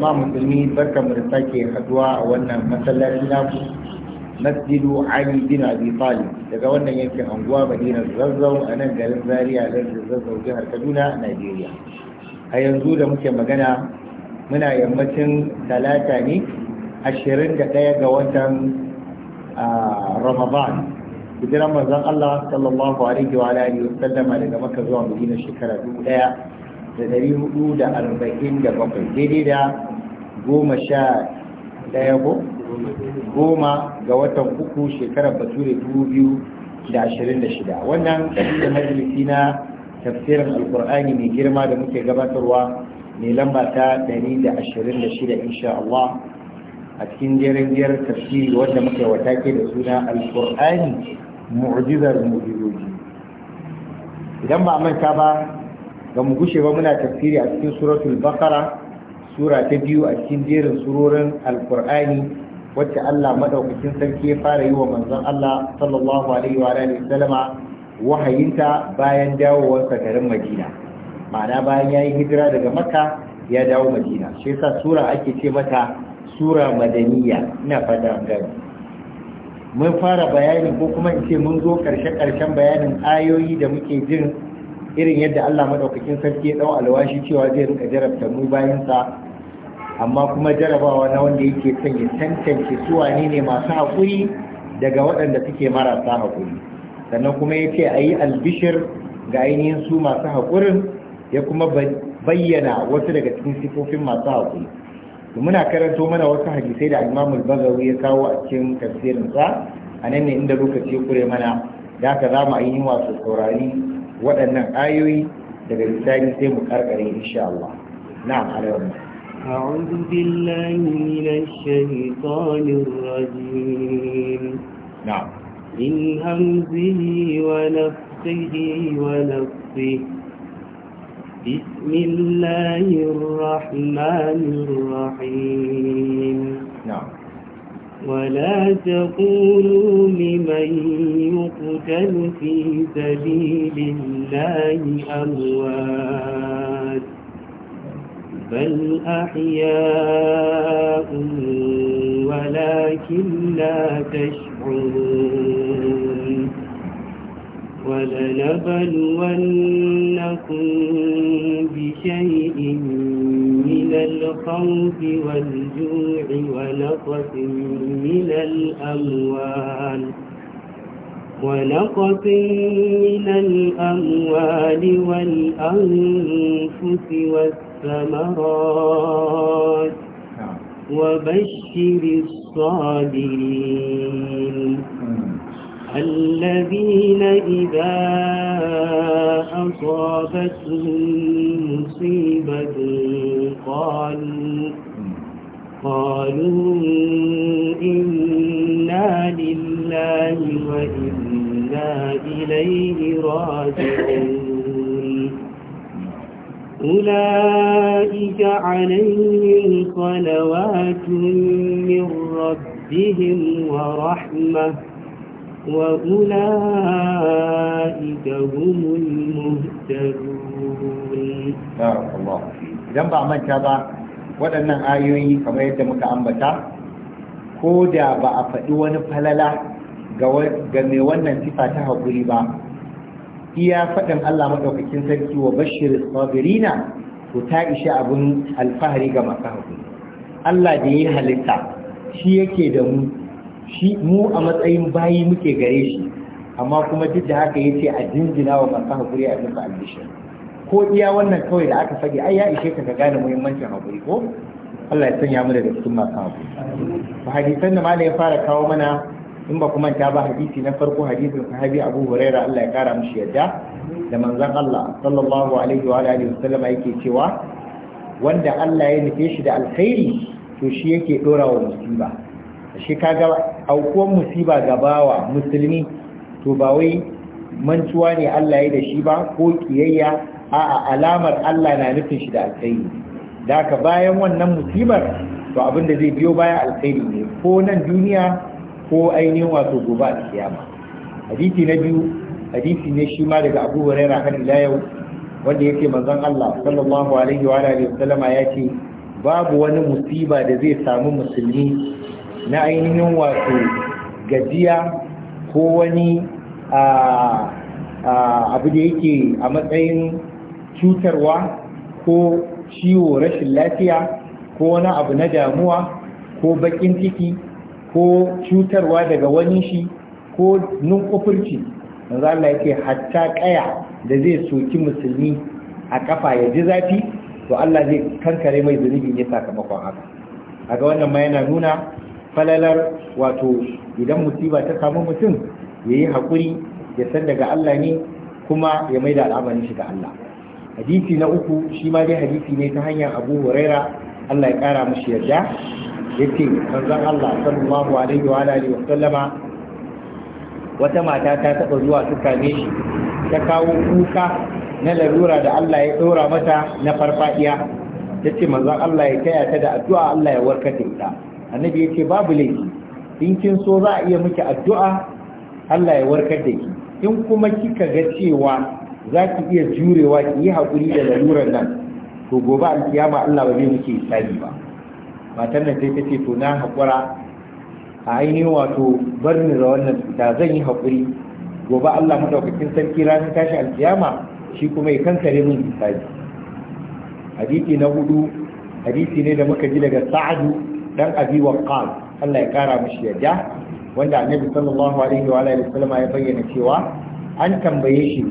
jama'a musulmi barka mu da sake haduwa a wannan masallaci naku masjidu ali bin abi talib daga wannan yankin anguwa madinar zazzau a nan garin zaria lardin zazzau jihar kaduna najeriya a yanzu da muke magana muna yammacin talata ne ashirin da ɗaya ga watan ramadan hijiran manzon allah sallallahu alaihi wa alihi wa sallama daga maka zuwa madina shekara dubu ɗaya da ɗari hudu da arba'in da bakwai daidai da goma sha ɗaya ko goma ga watan uku shekarar bature dubu biyu da ashirin da shida wannan da majalisi na tafsirin alkur'ani mai girma da muke gabatarwa mai lamba ta ɗari da ashirin da shida insha Allah a cikin jerin biyar tafsiri wanda muke watake da suna alkur'ani mu'jizar mu'jizoji idan ba a manta ba ba mu gushe ba muna tafsiri a cikin suratul bakara sura ta biyu a cikin jerin surorin alkur'ani wacce Allah madaukakin sarki ya fara yi wa manzon Allah sallallahu alaihi wa alihi wasallama wahayinta bayan sa garin Madina ma'ana bayan yayi hijira daga Makka ya dawo Madina shi yasa sura ake ce mata sura madaniya ina fada gani mun fara bayani ko kuma in ce mun zo karshe karshen bayanin ayoyi da muke jin irin yadda Allah madaukakin sarki ya dau alwashi cewa zai rika jarabta mu bayansa, amma kuma jarabawa na wanda yake son ya tantance su wane ne masu haƙuri daga waɗanda suke marasa haƙuri sannan kuma ya ce a yi albishir ga ainihin su masu haƙurin ya kuma bayyana wasu daga cikin sifofin masu haƙuri muna karanto mana wasu hadisai da imamul bagawi ya kawo a cikin tafsirinsa a nan ne inda lokaci ya kure mana da haka za mu ainihin wasu saurari waɗannan ayoyi daga bisani sai mu karkare insha Allah na'am alaikum أعوذ بالله من الشيطان الرجيم نعم من همزه ونفخه ونفخه بسم الله الرحمن الرحيم نعم ولا تقولوا لمن يقتل في سبيل الله أموات بل أحياء ولكن لا تشعرون ولنبلونكم بشيء من الخوف والجوع ونقص من الأموال ونقص من الأموال والأنفس والثمرات نعم. وبشر الصابرين الذين إذا أصابتهم مصيبة قالوا قالوا إنا لله وإنا إليه راجعون أولئك عليهم صلوات من ربهم ورحمة وأولئك هم المهتدون بارك waɗannan ayoyi kamar yadda muka ambata ko da ba a faɗi wani falala ga mai wannan sifa ta haƙuri ba iya faɗin Allah maɗaukakin sarki wa bashir sabirina to ta isha abin alfahari ga masu haƙuri Allah da ya halitta shi yake da mu shi mu a matsayin bayi muke gare shi amma kuma duk da haka yace a jinjina wa masu hakuri a duka albishir ko iya wannan kawai da aka sake ai ya ishe ka ka gane muhimmancin hakuri ko Allah ya sanya mu da cikin masu hakuri to hadisan da malai ya fara kawo mana in ba kuma ta ba hadisi na farko hadisin sahabi Abu Hurairah Allah ya kara mishi yadda da manzon Allah sallallahu alaihi wa alihi wasallam yake cewa wanda Allah ya nufe shi da alkhairi to shi yake dora wa musiba shi kaga aukuwan musiba ga bawa musulmi to ba wai mantuwa ne Allah ya da shi ba ko kiyayya a'a alamar Allah na nufin shi da alkhairi da ka bayan wannan musibar to abin da zai biyo baya alkhairi ne ko nan duniya ko ainihin wato gobe a kiyama hadisi na biyu hadisi ne shi ma daga Abu Hurairah yau wanda yake manzon Allah sallallahu alaihi wa alihi wasallama ya ce babu wani musiba da zai samu musulmi na ainihin wato gajiya ko wani abu da yake a matsayin cutarwa ko ciwo rashin lafiya ko wani abu na damuwa ko bakin ciki ko cutarwa daga wani shi ko nunkufurci za Allah yake hatta kaya da zai soki musulmi a kafa ya ji zafi to Allah zai kankare mai zunubi ne sakamakon haka A ga wannan ma yana nuna falalar wato idan musiba ta samu mutum ya yi haƙuri ya san daga Allah ne kuma ya mai da al'amarin shi ga Allah hadisi na uku shi ma dai hadisi ne ta hanyar abu huraira Allah ya ƙara mashi yarda ya ce manzon Allah sallallahu alaihi wa alihi wa sallama wata mata ta taɓa zuwa ta same shi ta kawo kuka na larura da Allah ya ɗora mata na farfaɗiya ta ce manzon Allah ya taya ta da addu'a Allah ya warkar da ita annabi ya ce babu laifi in kin so za a iya miki addu'a Allah ya warkar da ki in kuma kika ga cewa za ki iya jurewa ki yi haƙuri da lalurar nan to gobe alkiyama Allah ba zai miki sani ba matar nan sai ta ce to na haƙura a ainihin wato bar ni da wannan cuta zan yi haƙuri gobe Allah madaukakin sarki ranar tashi alkiyama shi kuma ya kankare min hisabi hadisi na hudu hadisi ne da muka ji daga sa'adu dan abi waqqas Allah ya kara mishi yadda wanda annabi sallallahu alaihi wa alihi wasallam ya bayyana cewa an tambaye shi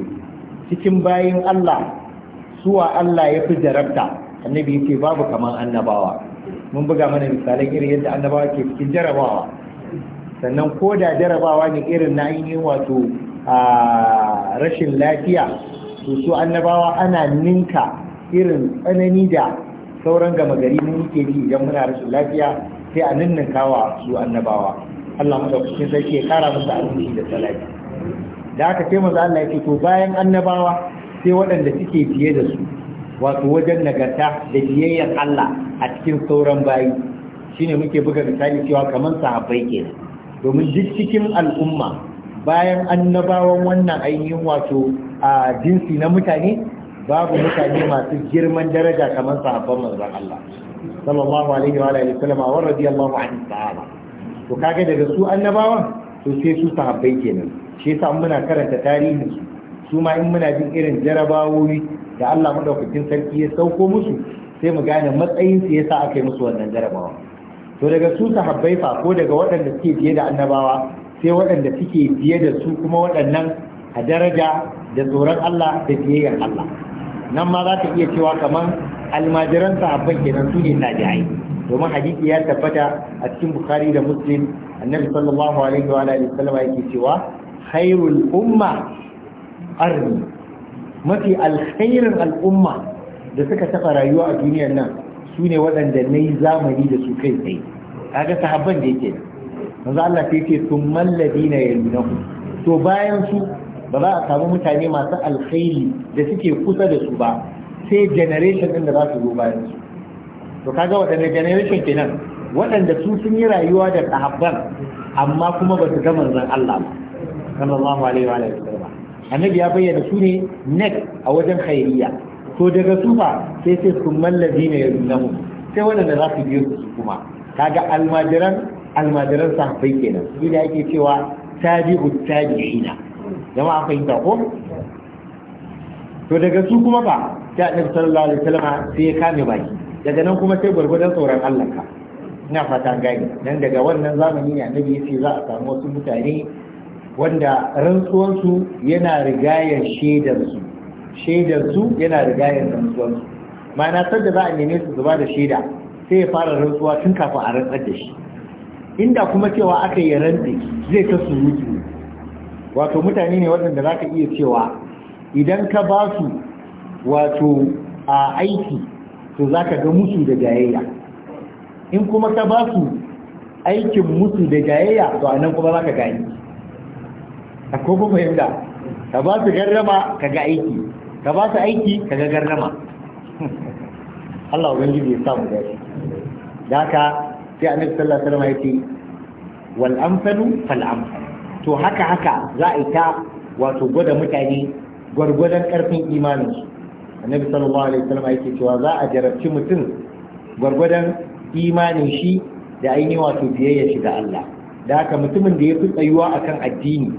cikin bayin Allah suwa Allah ya fi jarabta annabi yake babu kaman annabawa mun buga mana misalan irin yadda annabawa ke cikin jarabawa sannan ko da jarabawa ne irin na ainihin wato rashin lafiya to su annabawa ana ninka irin tsanani da sauran gama gari mun yake idan muna rashin lafiya sai a ninninkawa su annabawa Allah madaukakin sarki ya kara musu arziki da salati da aka ce maza Allah yake to bayan annabawa sai waɗanda suke biye da su wato wajen nagarta da biyayyar Allah a cikin sauran bayi shine muke buga misali cewa kamar sahabbai kenan domin duk cikin al'umma bayan annabawan wannan ainihin wato a jinsi na mutane babu mutane masu girman daraja kamar sahabban manzon Allah sallallahu alaihi wa alihi sallama wa radiyallahu anhu sahaba to kage daga su annabawan to sai su sahabbai kenan shi yasa muna karanta tarihin su su ma in muna jin irin jarabawoyi da Allah madaukakin sarki ya sauko musu sai mu gane matsayin su yasa aka yi musu wannan jarabawa to daga su sahabbai fa ko daga waɗanda suke biye da annabawa sai waɗanda suke biye da su kuma waɗannan a daraja da tsoron Allah da biyayyar Allah nan ma za ta iya cewa kamar almajiran sahabban kenan su ne tabi'ai domin hadisi ya tabbata a cikin bukhari da muslim annabi sallallahu alaihi wa alihi wasallam yake cewa khairul umma arni mafi alkhairin al'umma da suka taɓa rayuwa a duniyar nan su ne waɗanda na yi zamani da su kai tsaye kaga sahabban da yake manzo Allah sai ce sun mallabi na yalunahu to bayan su ba za a samu mutane masu alkhairi da suke kusa da su ba sai generation din da za su zo bayan su to kaga waɗanne generation kenan waɗanda su sun yi rayuwa da sahabban amma kuma ba su ga manzon Allah ba sallallahu alaihi wa alihi annabi ya bayyana su ne next a wajen khairiyya to daga su fa sai sai kumman ladina yazunamu sai waɗanda za su biyo su kuma kaga almajiran almajiran sahabbai kenan shi da ake cewa tabi'u tabi'ina jama'a fahimta ko to daga su kuma ba ta annabi sallallahu alaihi wasallam sai ya kame baki daga nan kuma sai gwargwadon tsoron Allah ka ina fata gani nan daga wannan zamani ne annabi yace za a samu wasu mutane wanda su yana rigayar shaidarsu shaidarsu yana rigayar rantsuwansu ma'ana da za a neme su zuba da shaida sai ya fara rantsuwa tun kafin a rantsar da shi inda kuma cewa aka yi rantsi zai ta surutu wato mutane ne waɗanda za ka iya cewa idan ka ba su wato a aiki to za ka ga musu da jayayya in kuma ka ba su aikin musu da jayayya to a nan kuma za ka gani a kuma fahimta ka ba su garrama ka ga aiki ka ba su aiki ka ga garrama Allah ubangiji ya samu dace da ka sai a sallallahu alaihi wasallam ya ce wal amsalu fal amsal to haka haka za a yi ta wato gwada mutane gwargwadon karfin imaninsu annabi sallallahu alaihi wasallam yake cewa za a jarabci mutum gwargwadon imanin shi da aini wato biyayya shi ga Allah da haka mutumin da ya fi tsayuwa akan addini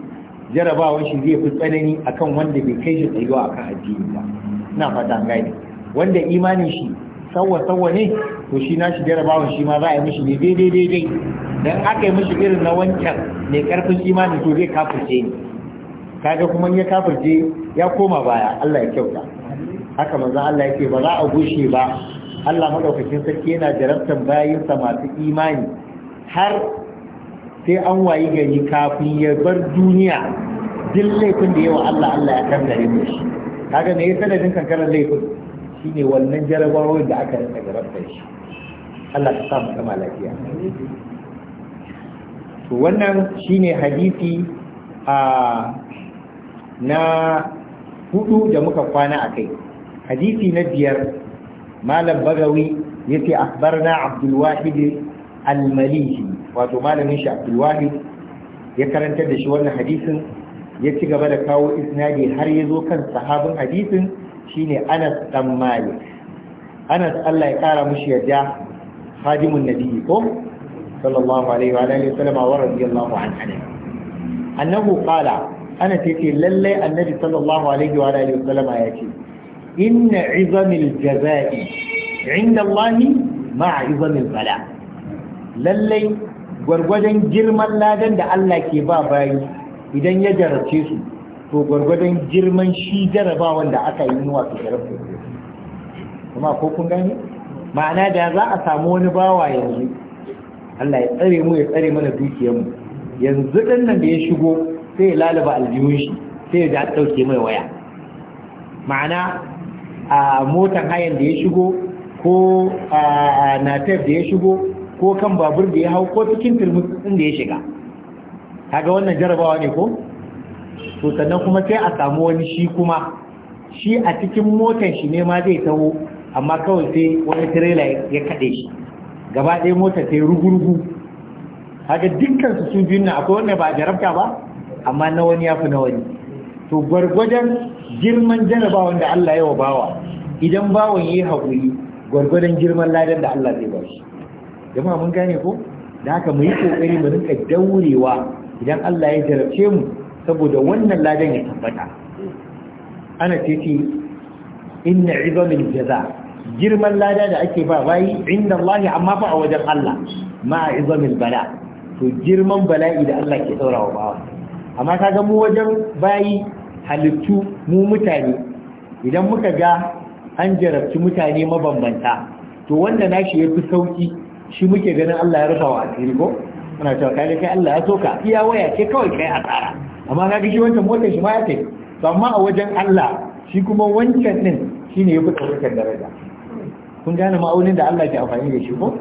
jarabawar shi zai fi tsanani akan wanda bai kai shi tsayuwa akan addini ba ina fata an gane wanda imanin shi sawa sawa ne to shi nashi jarabawar shi ma za a yi mishi ne daidai daidai dan aka yi mishi irin na wancan mai karfin imani to zai kafirce ni kaga kuma ya kafirce ya koma baya Allah ya kyauta haka manzo Allah yake ba za a gushe ba Allah madaukakin sarki yana jarabtan sa masu imani har sai an wayi gari kafin ya bar duniya duk laifin da yawa Allah Allah ya kankare mu shi kaga me yasa da kankarar laifin shine wannan jarabawar da aka rinka jarabtar shi Allah ta sa mu kama lafiya to wannan shine hadisi a na hudu da muka kwana a kai hadisi na biyar malam bagawi ya ce akbarna abdulwahid almalihi wato malamin shi abdulwahid ya karantar da shi wannan hadisin ya ci gaba da kawo isnadi har ya zo kan sahabin hadisin shine anas dan malik anas allah ya kara mushi yadda hadimun nabi ko صلى الله عليه وعلى آله وسلم ورضي الله عنه lallai قال أنا تيتي للي النبي صلى الله عليه وعلى آله وسلم آياتي إن عظم الجزاء عند الله مع عظم البلاء للي gwargwadon girman ladan da Allah ke ba bayi idan ya jarabce su to gwargwadon girman shi jarabawan da aka yi nuwa su jarabce kuma ko kun gane ma'ana da za a samu wani bawa yanzu Allah ya tsare mu ya tsare mana dukiyar mu yanzu dan nan da ya shigo sai ya lalaba aljihun shi sai ya ja dauke mai waya ma'ana a motar hayan da ya shigo ko a natef da ya shigo ko kan babur da ya hau ko cikin turmutsin da ya shiga kaga wannan jarabawa ne ko to sannan kuma sai a samu wani shi kuma shi a cikin motar shi ne ma zai taho amma kawai sai wani tirela ya kaɗe shi gaba ɗaya mota ta yi rugurugu haka dukkan su sun jinna akwai wanda ba a jarabta ba amma na wani ya fi na wani to gwargwadon girman jaraba wanda Allah ya wa bawa idan bawan ya yi haƙuri gwargwadon girman ladan da Allah zai ba jama'a mun gane ko da haka mu yi ƙoƙari mu rinka daurewa idan Allah ya jarabce mu saboda wannan ladan ya tabbata ana ce ce inna izamin jaza girman lada da ake ba bayi inda Allah amma fa a wajen Allah ma izamil bala to girman bala'i da Allah ke daura wa bawa amma kaga mu wajen bayi halittu mu mutane idan muka ga an jarabci mutane mabambanta to wanda nashi yafi sauki shi muke ganin Allah ya rufa wa asiri ko muna cewa kai kai Allah ya soka iya waya ce kawai kai a tsara amma ga shi wancan motar shi ma ya kai amma a wajen Allah shi kuma wancan din shine yafi ɗaukar daraja kun gane ma'aunin da Allah ke amfani da shi ko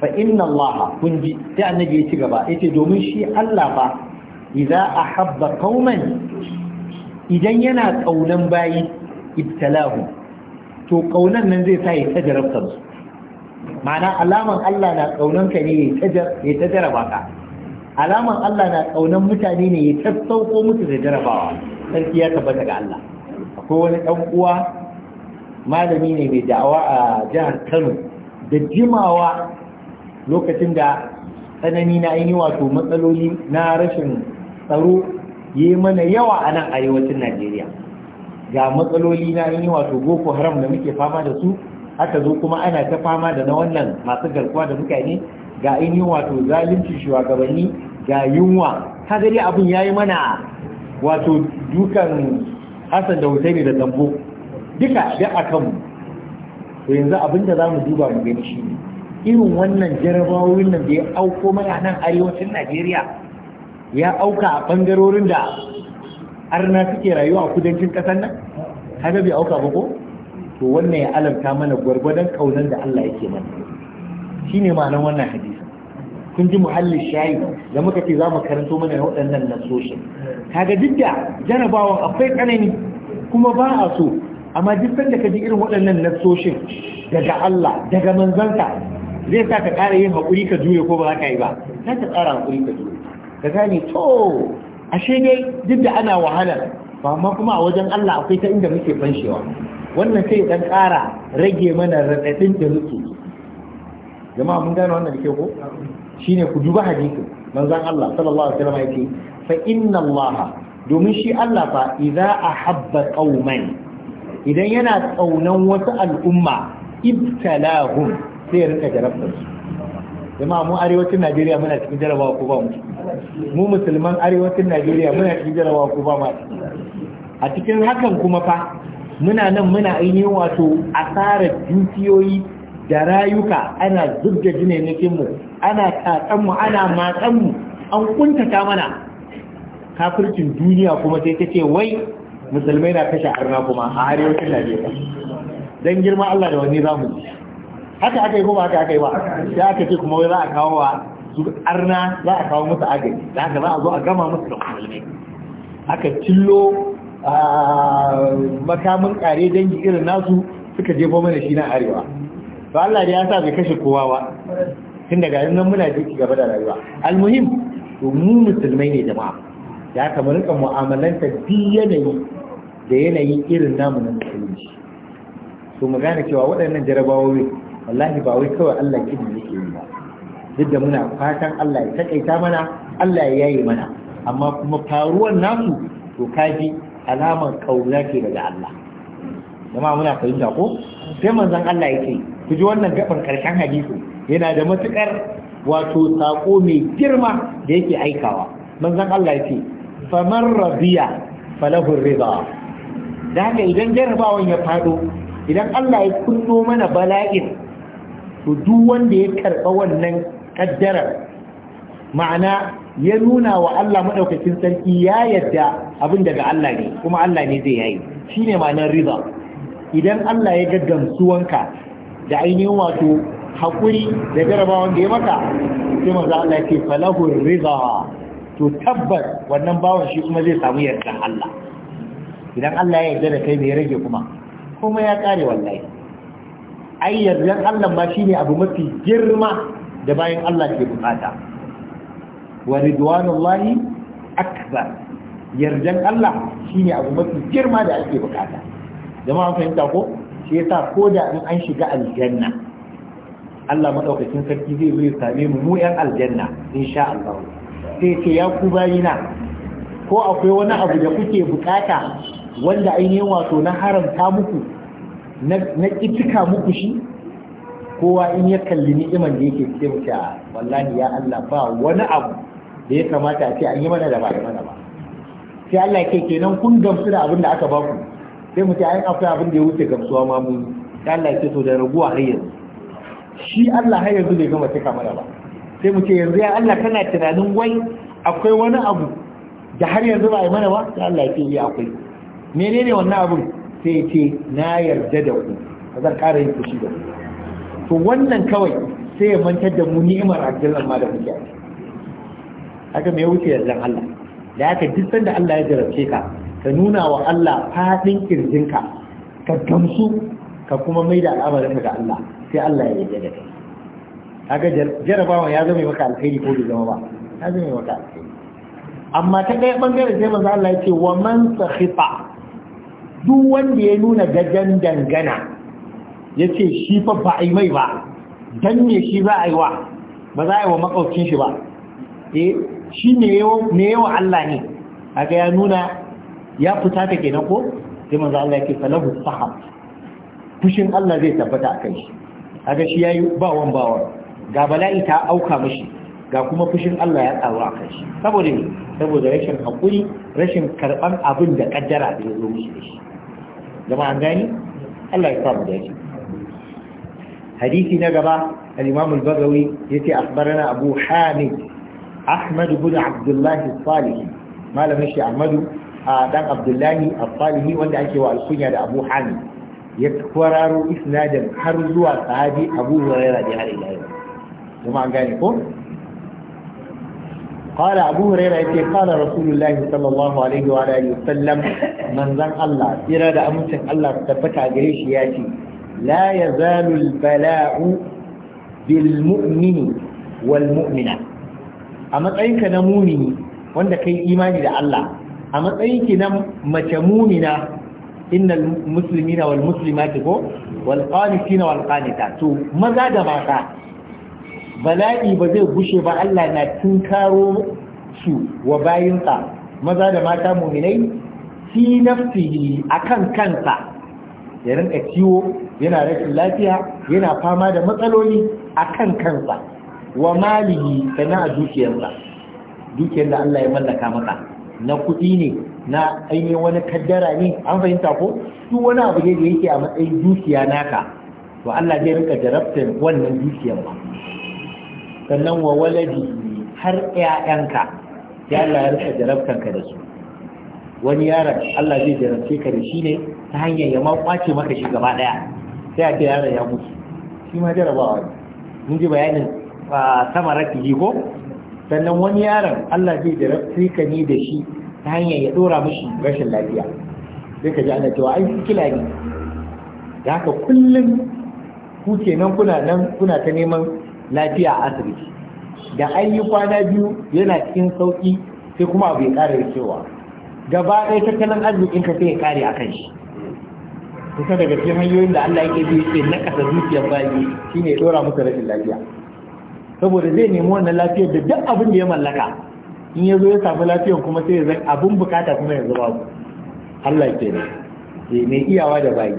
fa inna Allah kun ji sai annabi ya ci gaba yace domin shi Allah fa idza ahabba qauman idan yana kaunan bayi ibtalahu to kaunan nan zai sa ya tajarabta su ma'ana alaman Allah na kaunan ka ne ya tajaraba ka alaman Allah na kaunan mutane ne ya tattauko musu da jarabawa sarki ya tabbata ga Allah akwai wani dan uwa malami ne mai da'awa a jihar kano da jimawa lokacin da tsanani na ainihi wato matsaloli na rashin tsaro yi mana yawa a nan arewacin najeriya ga matsaloli na ainihi wato boko haram da muke fama da su haka zo kuma ana ta fama da na wannan masu garkuwa da mutane ga yi wato zalunci shugabanni ga yunwa ka gari abin yi mana wato dukan Hassan da Hussaini da Zambo duka da a kanmu to yanzu abin da za mu duba mu gani shi irin wannan jarabawoyin nan da ya auko mana nan arewacin najeriya ya auka a bangarorin da arna suke rayuwa a kudancin ƙasar nan kaga bai auka ba ko to wannan ya alamta mana gwargwadon kaunar da Allah yake mana shine ma'anar wannan hadisi kun ji muhallin shayi da muka ce za mu karanto mana waɗannan nasoshin kaga duk da jarabawan akwai tsanani kuma ba a so amma duk da ka ji irin waɗannan nassoshin daga Allah daga manzanka zai sa ka ƙara yin haƙuri ka juya ko ba za ka yi ba za ka ƙara haƙuri ka jure ka gane to ashe dai duk da ana wahalar ba amma kuma a wajen Allah akwai ta inda muke fanshewa wannan sai dan ƙara rage mana raɗaɗin da muke jama'a mun gane wannan ke ko shine ku duba hadisi manzon Allah sallallahu alaihi wasallam yake fa inna Allah domin shi Allah fa idza ahabba qauman idan yana tsaunan wasu al'umma ibtalahum sai ya rinka jarabtar su jama'a mu arewacin Najeriya muna cikin jarabawa ko ba mu mu musulman arewacin Najeriya muna cikin jarabawa ko ba mu a cikin hakan kuma fa muna nan muna ainihin wato asarar dukiyoyi da rayuka ana zubda jinaikin mu ana tatsan mu ana matsan mu an kuntata mana kafircin duniya kuma sai ta ce wai musulmai na kashe arna kuma a arewacin najeriya don girma allah da wani zamu haka aka yi kuma haka aka yi ba sai aka ce kuma wai za a kawo wa arna za a kawo musu agaji da haka za a zo a gama musu da musulmai aka cillo makamin kare dangi irin nasu suka jefo mana shi na arewa to Allah da ya sa bai kashe kowa ba tun daga nan muna jiki gaba da rayuwa almuhim to mu musulmai ne jama'a ya kamar rika mu'amalanta duk yanayi da yanayi irin namu na musulunci so mu gane cewa waɗannan jarabawoyi wallahi ba wai kawai Allah kidi yake yi ba duk da muna fatan Allah ya takaita mana Allah ya ya'yi mana amma kuma faruwan nasu to kaji alamar kauna ce daga Allah jama'a muna fahimta ko sai manzon Allah yake ku ji wannan gaban karshen hadisi yana da matukar wato sako mai girma da yake aikawa manzon Allah yake famar rabiya falahu rida da haka idan jarrabawan ya faɗo idan Allah ya kunno mana bala'in to duk wanda ya karɓa wannan ƙaddarar ma'ana ya nuna wa Allah maɗaukacin sarki ya yadda abin daga Allah ne kuma Allah ne zai yayi shine ma'anar riba idan Allah ya gaggamsuwanka wanka da ainihin wato haƙuri da jarrabawan da ya maka sai manzo Allah ya ce falahu riba to tabbas wannan bawan shi kuma zai samu yardan Allah idan Allah ya yarda da kai me ya rage kuma kuma ya kare wallahi ai yardan Allah ma shine abu mafi girma da bayan Allah ke bukata wa ridwanullahi akbar yardan Allah shine abu mafi girma da ake bukata jama'a fahimta ko shi yasa ko da in an shiga aljanna Allah maɗaukacin sarki zai zo ya same mu mu ‘yan aljanna insha Allah sai ce ya ku bayina ko akwai wani abu da kuke bukata wanda ainihin wato na haramta muku na ƙitika muku shi kowa in ya kalli ni'iman da yake ke mutu wallahi ya Allah ba wani abu da ya kamata a ce an yi mana da ba a yi mana ba sai Allah ya ke kenan kun gamsu da abin da aka ba ku sai mu ce ai akwai abin da ya wuce gamsuwa ma mu sai Allah ya ce da raguwa har yanzu shi Allah har yanzu bai gama cika mana ba sai mu ce yanzu ya Allah kana tunanin wai akwai wani abu da har yanzu ba a yi mana ba sai Allah ya ce akwai menene wannan abun sai ce na yarda da ku ba zan ƙara yin kushi da ku to wannan kawai sai ya mantar da mu ni'imar aljanna ma da muke haka me wuce yardan Allah da haka duk sanda Allah ya jarabce ka ka nuna wa Allah fadin kirjinka ka gamsu ka kuma mai da al'amarinka ga Allah sai Allah ya yarda da kai haka jarabawa ya zama maka alkhairi ko bai zama ba ya zama maka alkhairi amma ta ɗaya bangare sai manzo Allah ya ce wa man sakhita duk wanda ya nuna gajen dangana ya ce shi fa ba a yi mai ba dan ne shi za a yi wa ba za a yi wa makaukin shi ba eh shi ne yawa Allah ne aka ya nuna ya fita ta kenan ko sai manzo Allah yake falahu sahab fushin Allah zai tabbata a kai shi aga shi wan, bawan bawan ga bala'i ta auka mishi ga kuma fushin Allah ya tsaro a kai shi saboda saboda rashin hakuri rashin karban abin da kaddara da ya zo mishi da shi zama an gani Allah ya samu da shi hadisi na gaba al-imam al-bagawi yace akhbarana abu hamid ahmad ibn abdullah al-salih malamin shi ahmadu dan abdullahi al-salih wanda ake wa al-kunya da abu hamid ya kwararo isnadin har zuwa sahabi abu hurairah da har ila yau an ko قال أبو هريرة قال رسول الله صلى الله عليه وآله وسلم من ذن الله إرادة أمسك الله تبتع قريش ياتي لا يزال البلاء بالمؤمن والمؤمنة أما تأيك نمومني وأنت كي إيماني لله أما تأيك نمتمومنا إن المسلمين والمسلمات والقانتين والقانتات ماذا دماغا bala'i ba zai gushe ba Allah na tunkaro su wa bayinsa maza da mata muminai fi nafsihi akan kansa ya rinka ciwo yana rashin lafiya yana fama da matsaloli akan kansa wa malihi sannan a dukiyarsa dukiyar da Allah ya mallaka maka na kuɗi ne na ainihin wani kaddara ne an fahimta ko duk wani abu ne da yake a matsayin dukiya naka to Allah zai rinka jarabtar wannan dukiyar ba sannan wa waladi har ƴaƴanka ya Allah ya rufe jarabtanka da su wani yaron Allah zai jarabce ka da shi ne ta hanyar ya makwace maka shi gaba ɗaya sai a ce yaron ya mutu shi ma jarabawa ne mun ji bayanin sama rafi ko sannan wani yaron Allah zai jarabce ka ne da shi ta hanyar ya ɗora mishi rashin lafiya sai ka ji ana cewa ai sikila ne da haka kullum kuke kenan kuna nan kuna ta neman lafiya a asibiti da an yi kwana biyu yana cikin sauƙi sai kuma abu ya ƙara cewa gaba ɗaya tattalin arzikin ka sai ya ƙare a kan shi kusa daga cikin hanyoyin da Allah yake bi na nakasa zuciyar bayi shine ya ɗora musu rashin lafiya saboda zai nemi wannan lafiyar da duk abin da ya mallaka in ya zo ya samu lafiyar kuma sai ya zai abin bukata kuma yanzu ku Allah ke ne eh, mai iyawa da bayi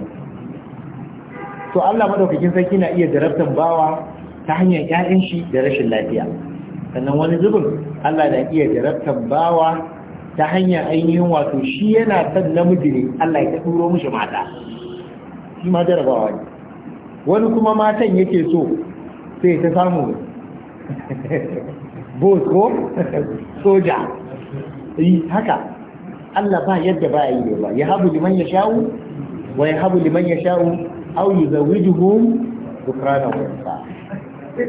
to Allah madaukakin sarki na iya jarabtan bawa ta hanyar ƴaƴan shi da rashin lafiya sannan wani zubin Allah na iya jarabtan bawa ta hanyar ainihin wato shi yana son namiji ne Allah ya turo mishi mata shi ma jarabawa ne wani kuma matan yake so sai ta samu bos ko soja yi haka Allah ba yadda ba yi ba ya habu liman ya sha'u wa ya habu liman ya sha'u au yuzawwijuhum dhukrana wa insa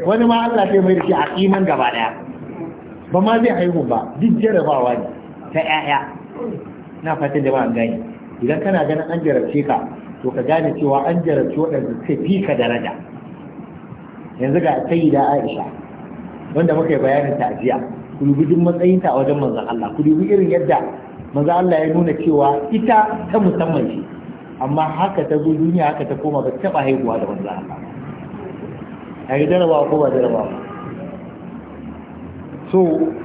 wani ma Allah sai mai da shi a kiman gaba daya ba ma zai haihu ba duk jarabawa ne ta 'ya'ya na fatan da ba an gani idan kana ganin an jarabce ka to ka gane cewa an jarabce waɗanda suka fi ka daraja yanzu ga sayyida Aisha wanda muka yi bayanin ta jiya ku dubi duk matsayinta a wajen manzon Allah ku dubi irin yadda manzon Allah ya nuna cewa ita ta musamman ce amma haka ta zo duniya haka ta koma ba taɓa haihuwa da manzon Allah a yi jarabawa ko ba jarabawa so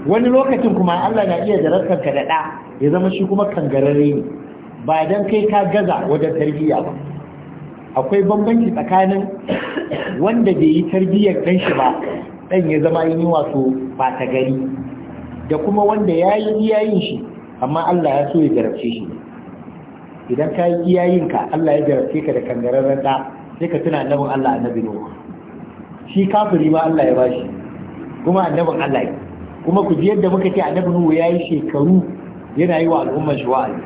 wani lokacin kuma Allah na iya jarabtar ka da ɗa ya zama shi kuma kangarare ne ba dan kai ka gaza wajen tarbiyya ba akwai bambanci tsakanin wanda bai yi tarbiyyar ɗan shi ba ɗan ya zama yin wato ba ta gari da kuma wanda ya yi iyayin shi amma Allah ya so ya jarabce shi idan ka yi iyayin Allah ya jarabce ka da kangararren ɗa sai ka tuna annabin Allah annabi Nuhu shi kafiri ma Allah ya bashi kuma annabin Allah ne kuma ku ji yadda muka ce annabi Nuhu ya yi shekaru yana yi wa al'ummar shi wa'azi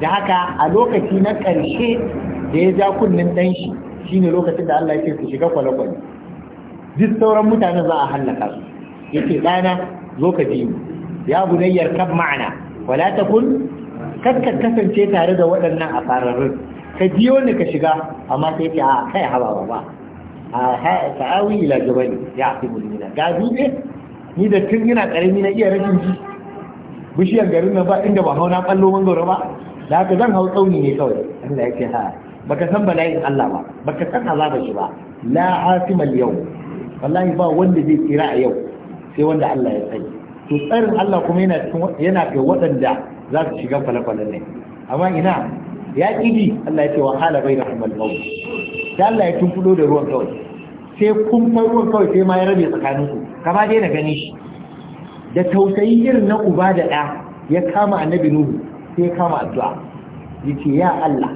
da haka a lokaci na ƙarshe da ya ja kunnen ɗan shi shine lokacin da Allah ya ce su shiga kwale-kwale duk sauran mutane za a hallaka su ce ɗana zo ka ji mu ya bunayyar kan ma'ana wala kun kakka kasance tare da waɗannan a fararrun ka ji wani ka shiga amma sai ce a kai haba ba ta'awi ila ne ya fi mulmina ga dutse ni da tun yana karami na iya rashin ji bishiyar garin nan ba inda ba hau na kallo mangoro ba da haka zan hau tsauni ne kawai Allah ya ce ha baka san bala'in Allah ba baka san azabar shi ba la asimal yau wallahi ba wanda zai tsira a yau sai wanda Allah ya sani to tsarin Allah kuma yana yana ga waɗanda za su shiga kwale-kwalen ne amma ina ya ƙidi Allah ya ce wa hala bai da hamal mawu sai tun ya tunkudo da ruwan kawai sai kumfar ruwan kawai sai ma ya rabe tsakaninku kama dai na gani shi da tausayi irin na uba da ɗa ya kama annabi nuhu sai ya kama addu'a yace ya Allah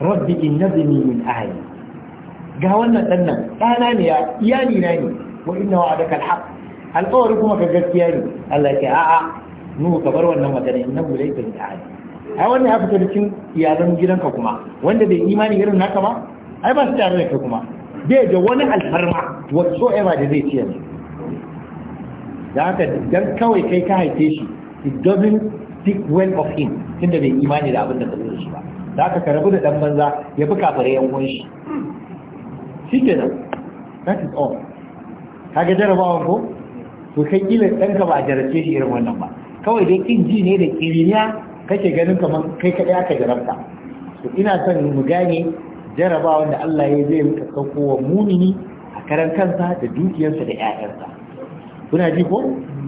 rabbi innabni min ahli ga wannan dan nan ɗana ne ya iyali na ne wa inna wa'adaka alhaq alƙawari kuma ka gaskiya ne Allah ya ce a'a nuhu ka bar wannan magana innahu laysa min ahli ai wannan ya fita cikin iyalan gidanka kuma wanda bai imani irin naka ba ai ba su tare da kai kuma bai da wani alfarma whatsoever da zai ciyar da haka dan kawai kai ka haife shi it doesn't speak well of him tunda bai imani da abin da ka zo shi ba da haka ka rabu da dan banza ya fi kafare yan uwan shi nan that is all ga jarabawan ko to kai kila ka ba a jarabce shi irin wannan ba kawai dai kin ji ne da kiriya kake ganin kamar kai kaɗai aka jarabta ina son mu gane Jarabawar da Allah ya zai rika saukowa mumini a karan kansa da dukiyarsa da 'ya'yansa. kuna ji ko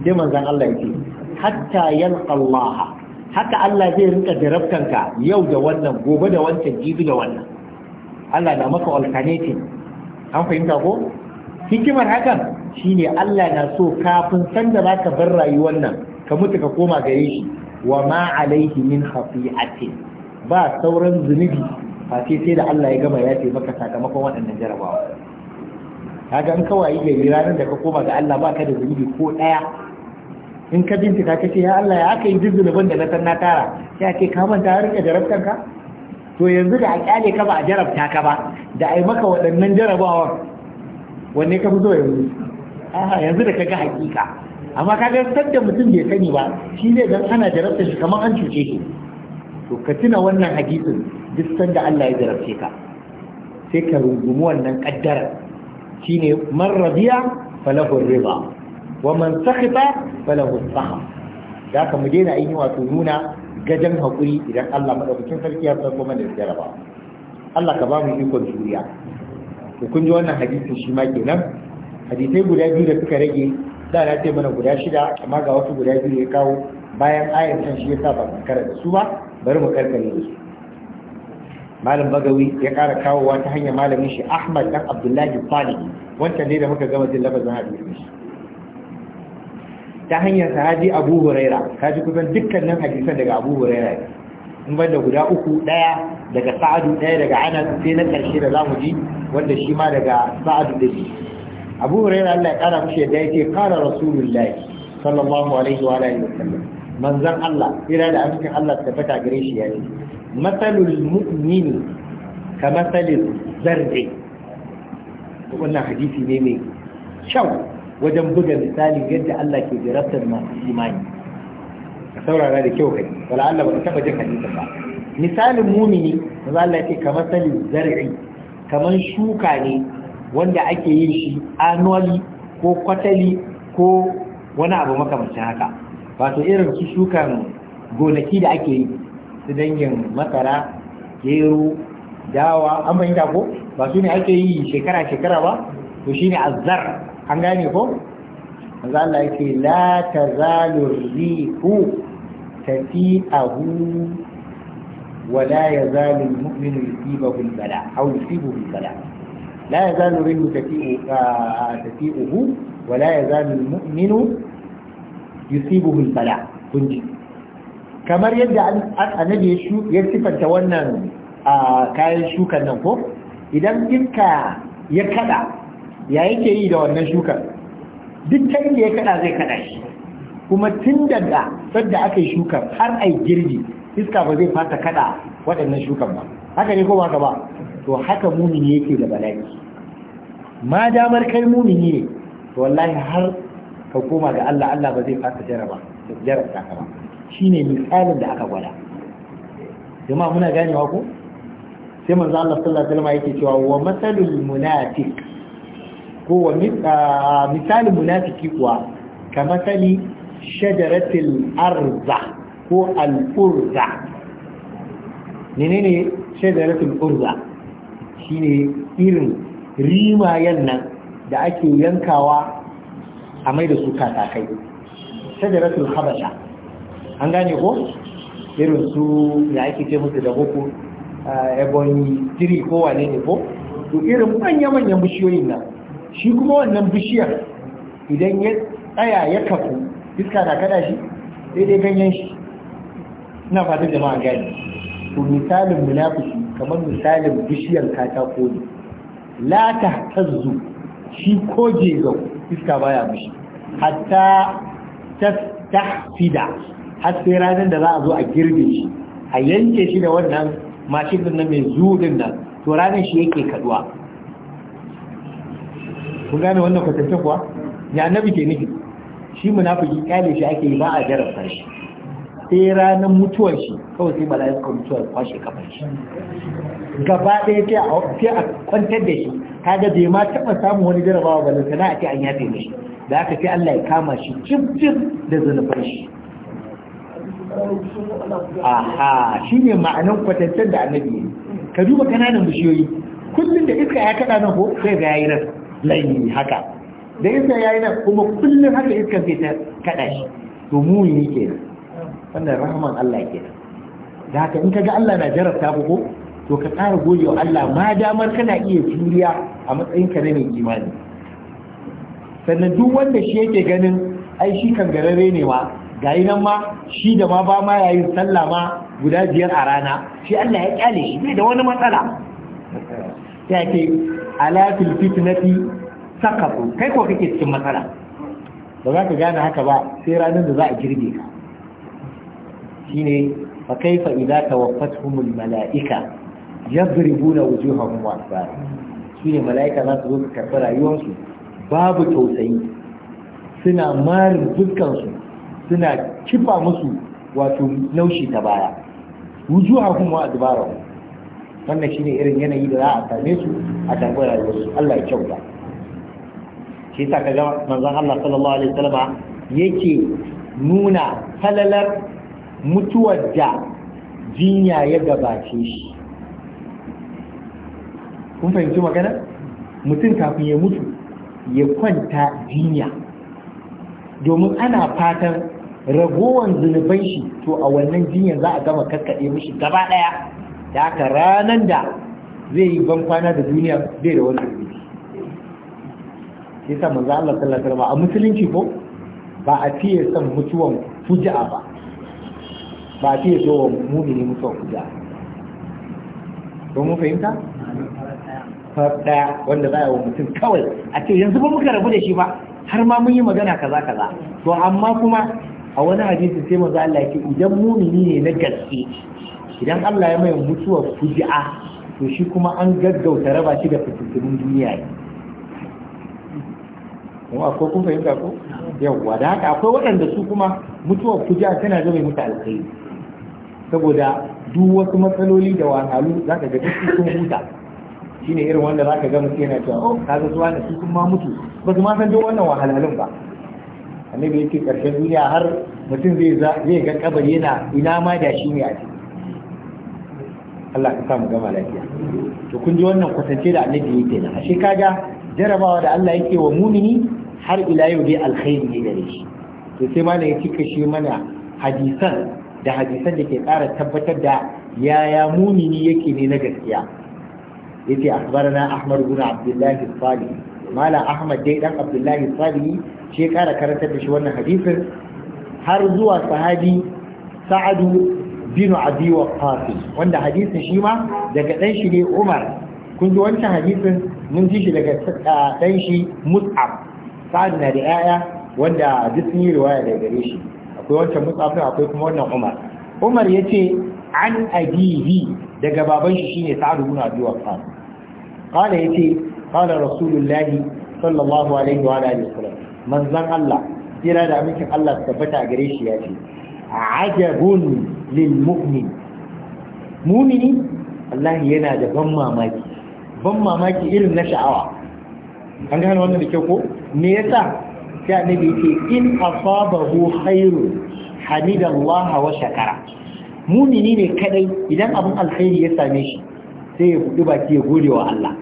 sai manzon Allah ya ce hatta yalqa Allah haka Allah zai rika jarabtanka yau da wannan gobe da wancan jibi da wannan Allah na maka alternating an fahimta ko hikimar hakan shine Allah na so kafin san da zaka bar rayuwar nan ka mutu ka koma gare shi wa ma alaihi min khafi'atin ba sauran zunubi face sai da Allah ya gama ya ce maka sakamakon waɗannan jarabawa kaga in kawai gari ranar da ka koma ga Allah ba ka da zunubi ko ɗaya in ka bincika ka ce ya Allah ya aka yi duk zunubin da na san na tara sai ake ka manta har ka jarabtar ka to yanzu da a kyale ka ba a jarabta ka ba da a yi maka waɗannan jarabawar wanne ka fito yanzu aha yanzu da ka ga hakika amma kaga sadda mutum bai sani ba shi ne dan ana jarabtar shi kamar an cuce shi to ka tuna wannan hadisin duk sanda Allah ya jarabce ka sai ka rungumi wannan kaddara shine man rabiya falahu riba wa man sakhata falahu sahm da ka mu daina ainihin wato nuna gajan hakuri idan Allah madaukakin sarki ya sako mana da jaraba Allah ka ba mu ikon juriya to kun ji wannan hadisin shi ma kenan hadisai guda biyu da suka rage da na ce mana guda shida amma ga wasu guda biyu ya kawo bayan ayatan shi shi sa ba karanta su ba bari mu karkare da su malam bagawi ya kara kawowa ta hanyar malamin shi ahmad dan abdullahi salih wancan ne da muka gama jin lafazin hadisi ta hanyar sahabi abu huraira kaji kusan dukkanin hadisan daga abu huraira in banda guda uku daya daga sa'adu daya daga anas sai na karshe da zamu ji wanda shi ma daga sa'adu da shi abu huraira Allah ya kara mishi da yake kara rasulullahi sallallahu alaihi wa alihi wasallam manzon Allah ira da amincin Allah ta fata gare shi yayi matalul mu'min ka matalil zarri wannan hadisi ne mai kyau wajen buga misali yadda Allah ke jarabtar masu imani ka saurara da kyau kai wala Allah ba taba jin hadisi ba misalin mumini manzo Allah yake ka matalil zar'i kaman shuka ne wanda ake yin shi annually ko kwatali ko wani abu makamancin haka wato irin su shukan gonaki da ake yi su dangin masara gero dawa an fahimta ko ba su ne ake yi shekara shekara ba to shi ne azar. an gane ko za Allah ce, la ta tazalu rihu tafi'ahu wa la yazalu almu'minu yusibahu albala fi yusibuhu albala la yazalu rihu ah, tafi'uhu wa la yazalu almu'minu yusibuhu bala kunji kamar yadda annabi ya sifanta wannan kayan shukan nan ko idan iska ya kada ya yake yi da wannan shukan duk ta inda ya kada zai kada shi kuma tun daga sadda aka yi shukan har a yi iska ba zai fata kada waɗannan shukan ba haka ne ko ba ba to haka mumini yake da bala'i ma damar kai mumini ne to wallahi har ka koma ga Allah Allah ba zai fasa jaraba jarabta ka ba shine misalin da aka gwada jama'a muna ganewa ko sai manzo Allah sallallahu alaihi wasallam yake cewa wa masalul munafiq ko wa misalin munafiki kuwa ka masali shajaratil arza ko al-urza menene shajaratul urza shine irin rimayen nan da ake yankawa a mai da su katakai shajaratul habasha an gane ko irin su ya ake ce musu da boko eh, ebonyi jiri ko wane ne ko to irin manya-manyan bishiyoyin nan shi kuma wannan bishiyar idan ya tsaya ya kafu iska na kada shi daidai ganyen shi na fata jama'a gani to misalin munafiki kamar misalin bishiyar katako ne la ta tazzu shi ko jego iska baya mushi hatta ta tafida har sai ranar da za a zo a girbe shi a yanke shi da wannan mashin din nan mai zuɗin nan to ranar shi yake kaduwa kun gane wannan kwatancin kuwa ya nabi ke nufi shi munafiki kyale shi ake yi ba a jarabta shi sai ranar mutuwar shi kawai sai mala'ika mutuwa ya kwashe kamar shi gaba ɗaya sai a kwantar da shi kaga bai ma taɓa samun wani jarabawa ba lantar na a ce an yafe shi, da aka ce Allah ya kama shi cif da zunubar shi aha shi ne ma'anan kwatancen da annabi ka duba kananan bishiyoyi kullum da iska ya kaɗa nan ko sai ga yayi nan layi haka da iska ya yi nan kuma kullum haka iska zai ta kaɗa shi to mu yi kenan wannan rahman Allah ke da haka in kaga Allah na jarabta ku ko to ka tsara gode wa Allah ma damar kana iya juriya a matsayin ka na mai imani sannan duk wanda shi yake ganin ai shi kan garare ne ma gayi nan ma shi da ma ba ma yayin sallah ma guda biyar a rana shi Allah ya kyale shi bai da wani matsala ta ke ala fitnati sakafu kai ko kake cikin matsala ba za ka gane haka ba sai ranar da za a girbe ka shine fa kaifa idza tawaffatuhumul malaika yadribuna wujuhahum wa adbarahum shine malaika za su zo su karɓi rayuwarsu babu tausayi suna marin fuskansu suna kifa musu wato naushi ta baya wujuhahum wa adbarahum wannan shine irin yanayi da za a same su a karɓi rayuwarsu Allah ya kyauta shi sa kaga manzon Allah sallallahu alaihi wasallama yake nuna halalar mutuwar da jinya ya gabace shi kun fahimci magana mutum kafin ya mutu ya kwanta jinya domin ana fatan ragowar zunuban shi to a wannan jinyar za a gama kakkaɗe mishi gaba ɗaya da aka ranar da zai yi ban da duniya zai da wani zunubi sai sa manzo Allah sallallahu alaihi a musulunci ko ba a fiye son mutuwan fuji'a ba ba ce so wa mumini mutuwa kuja. don mu fahimta far wanda za a wa mutum kawai a ce yanzu ba muka rabu da shi ba har ma mun yi magana kaza kaza to amma kuma a wani hadisi sai maza Allah ya idan mumini ne na gaske idan Allah ya mai mutuwa kuja, to shi kuma an gaggauta raba shi da fitattunin duniya ne kuma akwai kun fahimta ko yawwa da haka akwai waɗanda su kuma mutuwar kuja tana zama mutu alkhairi saboda duk wasu matsaloli da wahalu za ka ga duk sun huta shine irin wanda za ka ga mutum yana cewa oh zai su wani su sun ma mutu ba su ma san duk wannan wahalhalun ba annabi yake karshen duniya har mutum zai zai ga kabari yana ina ma da shi ne a ciki Allah ka samu gama lafiya to kun ji wannan kwatance da annabi yake na ashe kaga jarabawa da Allah yake wa mumini har ila yau dai alkhairi ne gare shi to sai malam ya cika shi mana hadisan da hadisan da ke ƙara tabbatar da yaya mumini yake ne na gaskiya yace akhbarana ahmad ibn abdullah as-salih mala ahmad dai dan abdullah as-salih shi ƙara karantar da shi wannan hadisin har zuwa sahabi sa'adu bin abi waqqas wanda hadisin shi ma daga dan shi ne umar kun ji wancan hadisin mun ji shi daga dan shi mus'ab sa'ad na da yaya wanda duk sun yi riwaya daga gare shi akwai wancan musafin akwai kuma wannan umar umar ya ce an abihi daga baban shi shine sa'ad a abi waqqas ya yace qala rasulullahi sallallahu alaihi wa alihi wasallam manzon Allah jira da amincin Allah tabbata gare shi yace ajabun lil mu'min mu'mini Allah yana da ban mamaki ban mamaki irin na sha'awa an gane wannan da kyau ko me yasa sai annabi ce in asabahu khairu hamidallaha wa shakara mumini ne kadai idan abun alkhairi ya same shi sai ya kudu baki ya gode wa Allah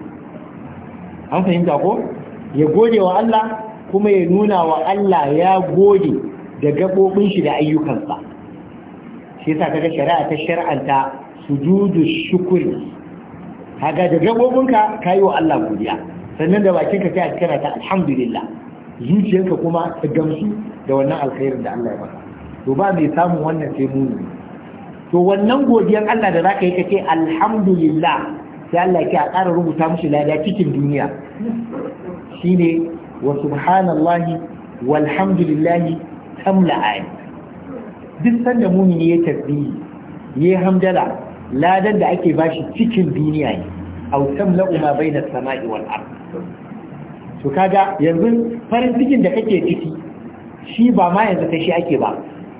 an fahimta ko ya gode wa Allah kuma ya nuna wa Allah ya gode da gabobin shi da ayyukansa shi yasa kaga shari'a ta shar'anta sujudu shukri kaga da gabobinka kayi wa Allah godiya sannan da bakinka sai a kana ta alhamdulillah zuciyarka kuma ta gamsu da wannan alkhairin da Allah ya maka to ba mai samun wannan sai muni to wannan godiyar Allah da zaka yi kace alhamdulillah sai Allah yake a ƙara rubuta mushi lada cikin duniya shine wa subhanallahi walhamdulillahi tamla'ani duk sanda muni ne ya tasbihi ya hamdala ladan da ake bashi cikin duniya ne aw tamla'u ma bayna samai wal ard to kaga yanzu farin cikin da kake ciki shi ba ma yanzu ta shi ake ba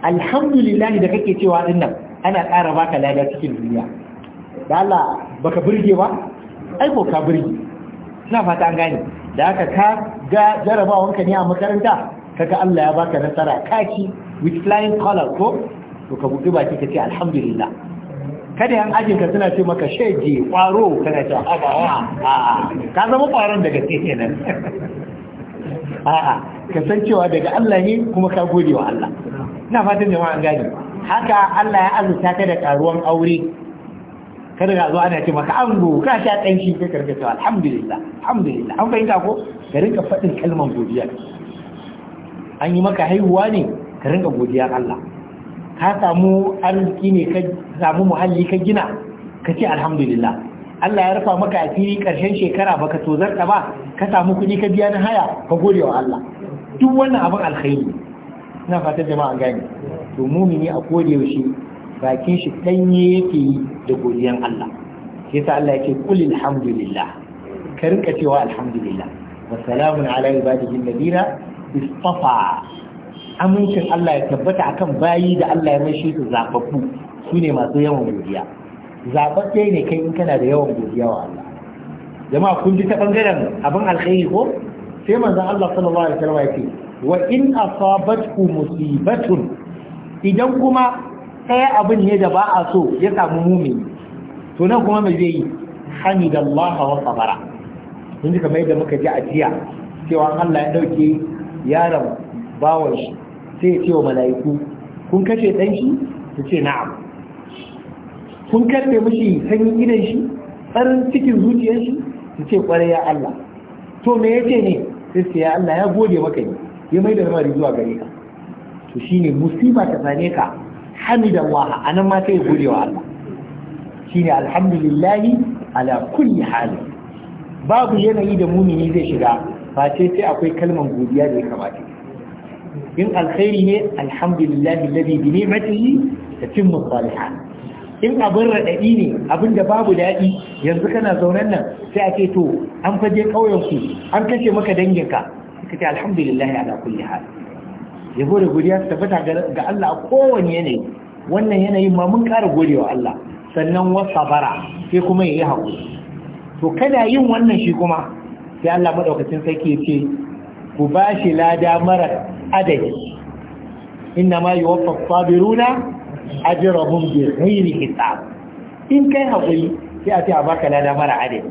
alhamdulillah da kake cewa din nan ana ƙara baka lada cikin duniya da Allah baka burge ba ai ko ka burge ina fata an gane da haka ka ga jarabawanka ne a makaranta kaga Allah ya baka nasara kaki with flying color ko to ka buɗe baki ka ce alhamdulillah kada yan ajin ka suna ce maka shege kwaro kana ta a ka zama kwaron daga cikin nan a ka san cewa daga Allah ne kuma ka gode wa Allah ina fatan jama'a an gane haka Allah ya azurta ka da karuwan aure kada ka zo ana ce maka ango ka sha shi ka karka cewa alhamdulillah alhamdulillah an fahimta ko ka rinka faɗin kalman godiya an yi maka haihuwa ne ka rinka godiya Allah ka samu arziki ne ka samu muhalli ka gina ka ce alhamdulillah Allah ya rufa maka asiri karshen shekara baka zarta ba ka samu kuɗi ka biya na haya ka gode wa Allah duk wannan abin alkhairi ina fatan jama'a gane to mumini a koda yaushe bakin shi danye yake yi da godiyan Allah sai sa Allah yake kul alhamdulillah ka rinka cewa alhamdulillah wa salamun ala ibadihi alladhina istafa amincin Allah ya tabbata akan bayi da Allah ya mashi su zaɓaɓɓu su ne masu yawan godiya zaɓaɓɓe ne kai in kana da yawan godiya wa Allah jama'a kun ji ta bangaren abin alkhairi ko sai manzon Allah sallallahu alaihi wasallam ya ce wa in asabatku musibatun idan kuma ɗaya abin ne da ba a so ya samu mumini to nan kuma mai zai yi hamidallaha wa sabara kun ji kamar yadda muka ji a jiya cewa Allah ya dauke yaron bawon shi sai ce wa mala'iku kun kashe ɗan shi su ce na'am kun karfe mishi sanyin gidan shi tsarin cikin zuciyar shi su ce kwarai ya Allah to me yake ne sai ya Allah ya gode maka ne ya mai da lamari zuwa gare ka to shine musiba ta same ka hamidan waha anan ma sai ya gode wa Allah shine alhamdulillahi ala kulli hali babu yanayi da mumini zai shiga ba sai sai akwai kalman godiya da ya kamata in alkhairi ne alhamdulillahi alladhi bi ni'matihi tatimmu salihan in abin raɗaɗi ne abin da babu daɗi yanzu kana zaunan nan sai ake to an faje kauyenku an kashe maka danginka suka ce alhamdulillahi ala kulli hal yabo da godiya su tabbata ga Allah a kowane yanayi wannan yanayin ma mun ƙara godewa Allah sannan wasa bara sai kuma ya yi haƙuri to kana yin wannan shi kuma sai Allah maɗaukacin sai ke ce ku ba shi lada mara adadi inna ma yi wafa sabiruna ajirahun bi ghairi hisab in kai haƙuri sai a ce a baka lada mara adadi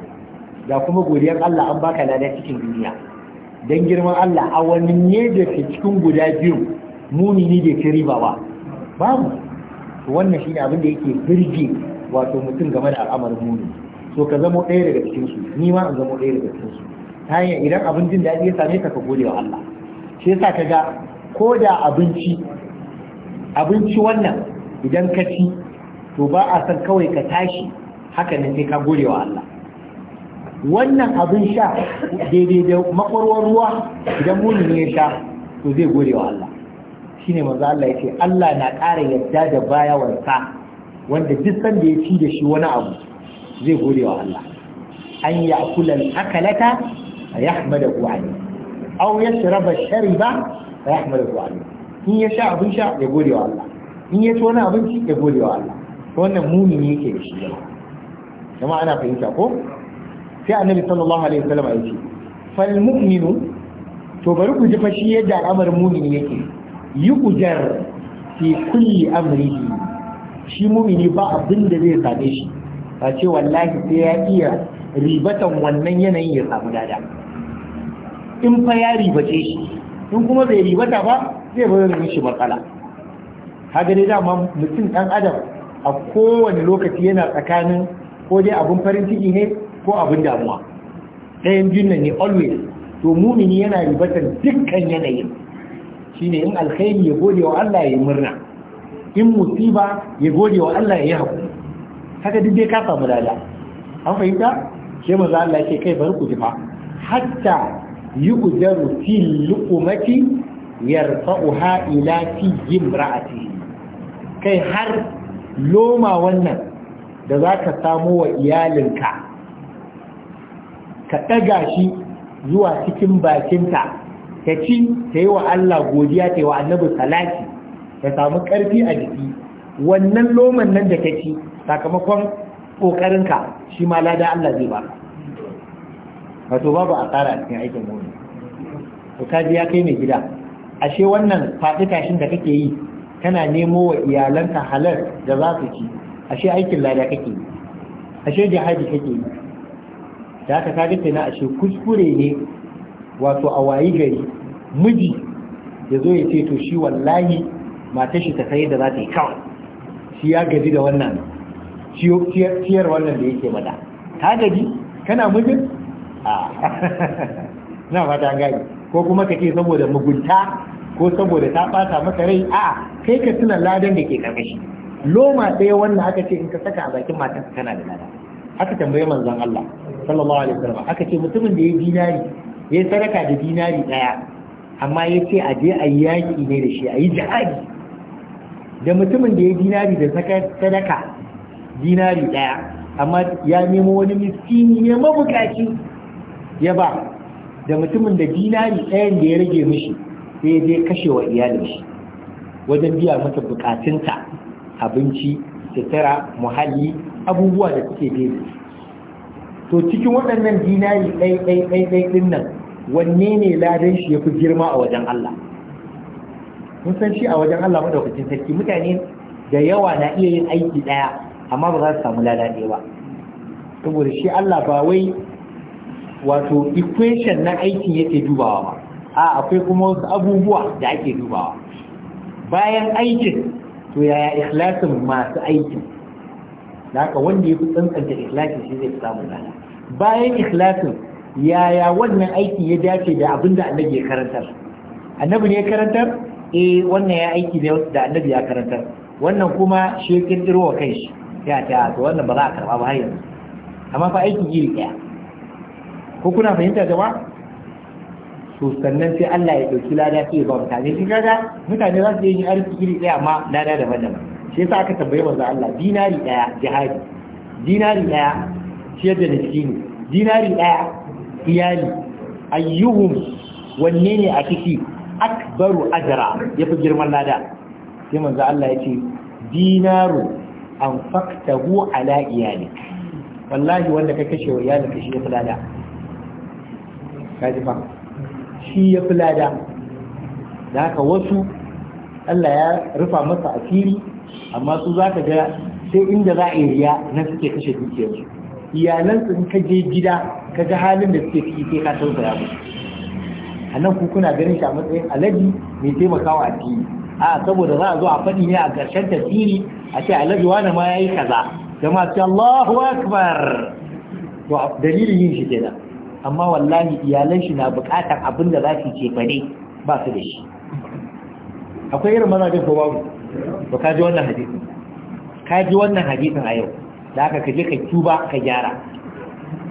da kuma godiyar Allah an baka lada cikin duniya dan girman Allah a wani ne da ke cikin guda biyu mumini da ke riba ba babu wannan shine abin da yake birge wato mutum game da al'amarin muni. so ka zamo ɗaya daga cikinsu, ni ma an zamo ɗaya daga cikinsu. ta hanyar idan abin jin daɗi ya same ka ka gode wa Allah shi yasa ka ga ko da abinci abinci wannan idan ka ci to ba a san kawai ka tashi haka nan sai ka gode wa Allah wannan abin sha daidai da makwarwar ruwa idan muni ne ya sha to zai gode wa Allah Shi ne Maza Allah ya ce Allah na ƙara yadda da baya bayawansa wanda duk da ya ci da shi wani abu zai gode wa Allah an yi akulan akalata فيحمده عليه أو يشرب الشرب فيحمده عليه إن يشاء أبن شاء يقول يا الله إن يتوانا أبن شاء يقول يا الله فأنا مؤمن يكي بشيء كما أنا فهمت أقول في النبي صلى الله عليه وسلم أيتي فالمؤمن تبرك جفشي يدع الأمر مؤمن يكي يؤجر fi kulli amrihi shi mumini ba abin da zai same shi ba ce wallahi sai ya iya ribatan wannan yanayin ya samu dada in fa ya ribace shi in kuma bai ribata ba zai bayar mishi matsala kaga dai dama mutum ɗan adam a kowane lokaci yana tsakanin ko dai abin farin ciki ne ko abin damuwa ɗayan jinnan ne always to mumini yana ribatar dukkan yanayin shine in alkhairi ya gode wa Allah ya murna in musiba ya gode wa Allah ya yi hakuri haka duk dai ka samu lada an fahimta sai maza Allah yake kai bari ku jifa hatta Yi yu'jaru fil luqmati yarfa'uha ila fi imra'ati kai har loma wannan da zaka samu wa iyalinka ka ɗaga shi zuwa cikin bakinta ta ci ta yi wa Allah godiya ta yi wa annabi salati ka samu ƙarfi a jiki wannan loman nan da ta ci sakamakon ƙoƙarinka shi ma lada Allah zai ba. wato babu asara a cikin aikin mu'min to kaji ya kai mai gida ashe wannan faɗi tashin da kake yi kana nemo wa iyalanka halar da za su ci ashe aikin lada kake yi ashe jihadi kake yi da aka ka gace na ashe kuskure ne wato a wayi gari miji ya zo ya ce to shi wallahi matar shi ta sai da za ta yi kawai shi ya gaji da wannan ciyar wannan da yake mata ta gaji kana mijin na fata gani ko kuma ka ce saboda mugunta ko saboda ta ɓata maka rai a kai ka tuna ladan da ke shi, loma ɗaya wannan aka ce in ka saka a bakin matan kana da lada aka tambaye manzon Allah sallallahu alaihi wasallam aka ce mutumin da ya dinari ya sadaka da dinari daya amma ya ce a je a yi yaƙi ne da shi a yi jihadi da mutumin da ya dinari da sadaka dinari daya amma ya nemo wani miskini ne mabukaci ya ba da mutumin da dinari ɗayan da ya rage mishi sai je kashe wa iyalin shi wajen biya masa bukatunta abinci sutura muhalli abubuwa da suke daidai to cikin waɗannan dinari ɗai ɗai ɗai ɗai ɗin nan wanne ne ladan shi ya fi girma a wajen Allah mun san shi a wajen Allah madaukakin sarki mutane da yawa na iya yin aiki ɗaya amma ba za su samu lada ɗaya ba saboda shi Allah ba wai wato equation na aikin yake dubawa ba a akwai kuma wasu abubuwa da ake dubawa bayan aikin to yaya ikhlasin masu aikin da haka wanda ya fi tsantsanta ikhlasin shi zai samu lana bayan ikhlasin yaya wannan aiki ya dace da abin da annabi ya karantar annabi ne ya karantar eh wannan ya aiki ne da annabi ya karantar wannan kuma shi ya kirkiro wa shi, ya ta to wannan ba za a karba ba har yanzu amma fa aiki iri ɗaya ko kuna fahimta jama'a to sannan sai Allah ya ɗauki lada sai ya ba mutane shi kaga mutane za su yi arziki iri ɗaya amma lada daban-daban shi yasa aka tambaye manzo Allah dinari ɗaya jihadi dinari ɗaya ciyar da ne, dinari ɗaya iyali ayyuhum wanne ne a ciki akbaru ajra yafi girman lada sai manzo Allah ya ce dinaru anfaqtahu ala iyalik wallahi wanda ka kashe wa iyalinka shi yafi lada kaji fa shi ya fi lada da haka wasu Allah ya rufa masa asiri amma su za ka ga sai inda za a yi riya nan suke kashe dukiyarsu iyalansu in ka je gida ka ga halin da suke ciki sai ka tausaya musu a nan ku kuna ganin shi a matsayin alaji mai taimakawa a fili a saboda za a zo a faɗi ne a ƙarshen tasiri a ce alaji wani ma ya yi kaza jama'a ce Allahu akbar to dalilin yin shi kenan amma wallahi iyalan shi na bukatar abin da za su ce ba su da shi akwai irin mazajen ko babu to ka ji wannan hadisin ka ji wannan hadisin a yau da aka kaje ka tuba ka gyara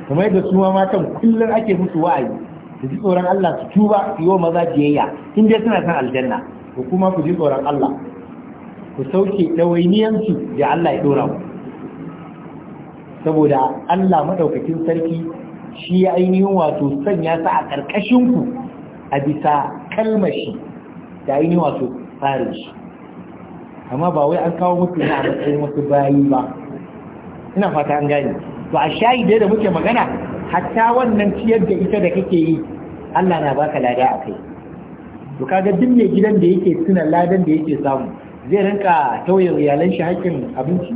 kuma yadda su matan kullum ake musu wa'azi su ji tsoron Allah su tuba su yi wa maza biyayya in dai suna son aljanna ko kuma ku ji tsoron Allah ku sauke ɗawainiyansu da Allah ya ɗora ku saboda Allah maɗaukakin sarki shi ya ainihin wato sanya sa a ƙarƙashinku a bisa kalmashi da ainihin wato tsarin shi amma ba wai an kawo musu na a matsayin wasu bayi ba ina fata an gane to a shayi dai da muke magana hatta wannan ciyar da ita da kake yi Allah na baka lada a kai to kaga duk mai gidan da yake tuna ladan da yake samu zai rinka tauye iyalan shi haƙƙin abinci